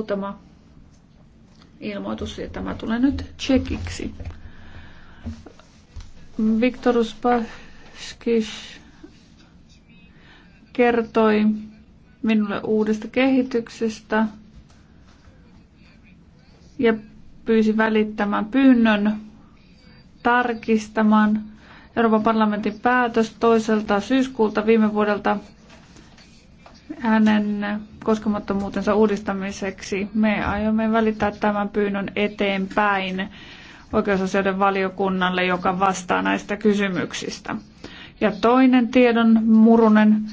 Muutama ilmoitus, ja tämä tulee nyt tsekiksi. Viktor Paskis kertoi minulle uudesta kehityksestä ja pyysi välittämään pyynnön tarkistamaan Euroopan parlamentin päätös toiselta syyskuulta viime vuodelta hänen koskemattomuutensa uudistamiseksi. Me aiomme välittää tämän pyynnön eteenpäin oikeusasioiden valiokunnalle, joka vastaa näistä kysymyksistä. Ja toinen tiedon murunen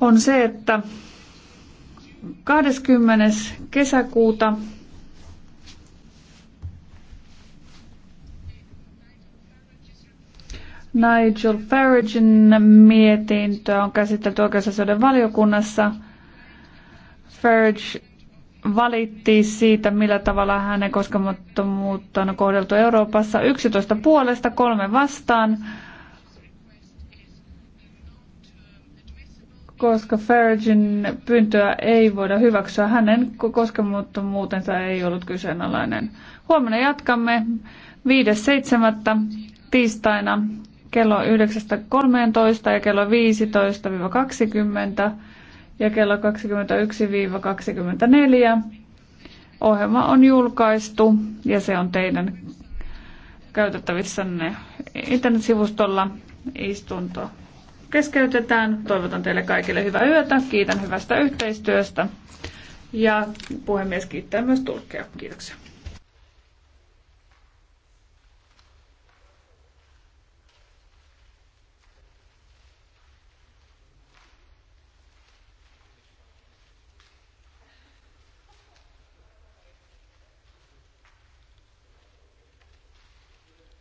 on se, että 20. kesäkuuta Nigel Faragein mietintö on käsitelty oikeusasioiden valiokunnassa. Farage valittiin siitä, millä tavalla hänen koskemattomuutta on kohdeltu Euroopassa. 11 puolesta, kolme vastaan. Koska Faragein pyyntöä ei voida hyväksyä, hänen koskemattomuutensa ei ollut kyseenalainen. Huomenna jatkamme 5.7. tiistaina kello 9.13 ja kello 15-20 ja kello 21-24. Ohjelma on julkaistu ja se on teidän käytettävissänne internetsivustolla. Istunto keskeytetään. Toivotan teille kaikille hyvää yötä. Kiitän hyvästä yhteistyöstä. Ja puhemies kiittää myös tulkkeja. Kiitoksia.